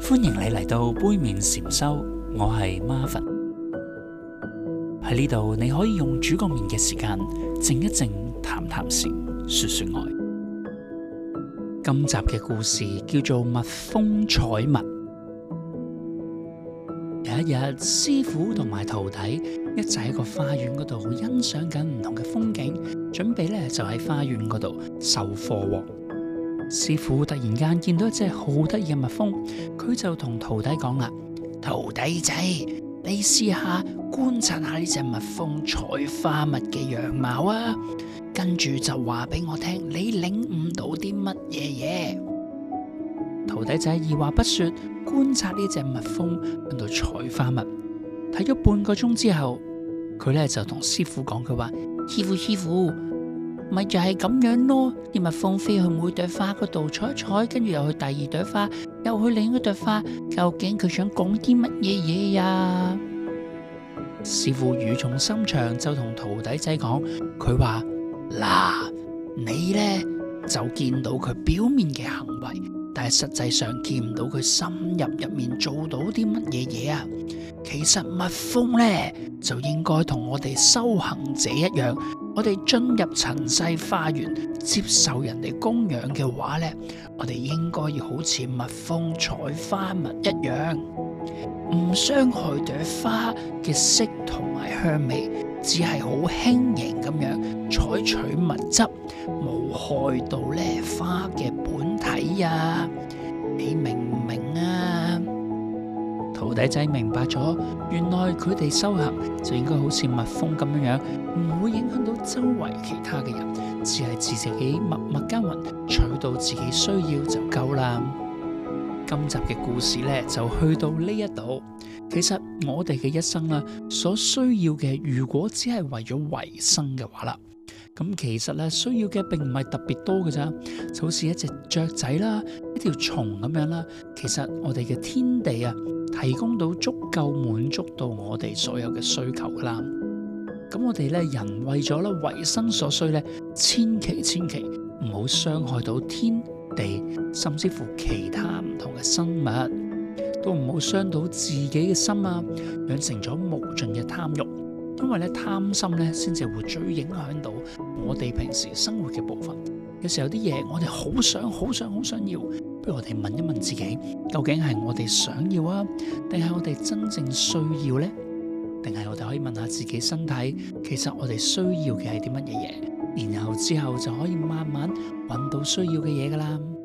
歡迎你嚟到杯麵禪修，我係 Marvin。喺呢度你可以用煮個麵嘅時間靜一靜、談談禪、說說愛。今集嘅故事叫做蜜蜂採蜜。有一日，師父同埋徒弟一齊喺個花園嗰度欣賞緊唔同嘅風景，準備咧就喺花園嗰度授課。師傅突然間見到一隻好得意嘅蜜蜂，佢就同徒弟講啦：徒弟仔，你試下觀察下呢隻蜜蜂採花蜜嘅樣貌啊。跟住就話俾我聽，你領悟到啲乜嘢嘢？徒弟仔二話不說，觀察呢隻蜜蜂喺度採花蜜，睇咗半個鐘之後，佢咧就同師傅講佢話：師傅，師傅。咪就係咁樣咯，啲蜜蜂飛去每朵花嗰度採採，跟住又去第二朵花，又去另一朵花。究竟佢想講啲乜嘢嘢呀？師傅語重心長就同徒弟仔講，佢話嗱，你呢就見到佢表面嘅行為，但係實際上見唔到佢深入入面做到啲乜嘢嘢啊。其實蜜蜂呢就應該同我哋修行者一樣。我哋進入塵世花園，接受人哋供養嘅話咧，我哋應該要好似蜜蜂採花蜜一樣，唔傷害朵花嘅色同埋香味，只係好輕盈咁樣採取物質，冇害到咧花嘅本體啊！你明唔明？徒弟仔明白咗，原來佢哋修行就應該好似蜜蜂咁樣樣，唔會影響到周圍其他嘅人，只係自，自己默默耕耘，取到自己需要就夠啦。今集嘅故事咧就去到呢一度。其實我哋嘅一生啦，所需要嘅如果只係為咗維生嘅話啦，咁其實咧需要嘅並唔係特別多嘅咋，就好似一隻雀仔啦，一條蟲咁樣啦。其實我哋嘅天地啊。提供到足夠滿足到我哋所有嘅需求啦。咁我哋咧，人為咗咧維生所需咧，千祈千祈唔好傷害到天地，甚至乎其他唔同嘅生物，都唔好傷到自己嘅心啊。養成咗無盡嘅貪慾，因為咧貪心咧，先至會最影響到我哋平時生活嘅部分。有時候啲嘢，我哋好想好想好想要，不如我哋問一問自己，究竟係我哋想要啊，定係我哋真正需要呢？定係我哋可以問下自己身體，其實我哋需要嘅係啲乜嘢嘢？然後之後就可以慢慢揾到需要嘅嘢噶啦。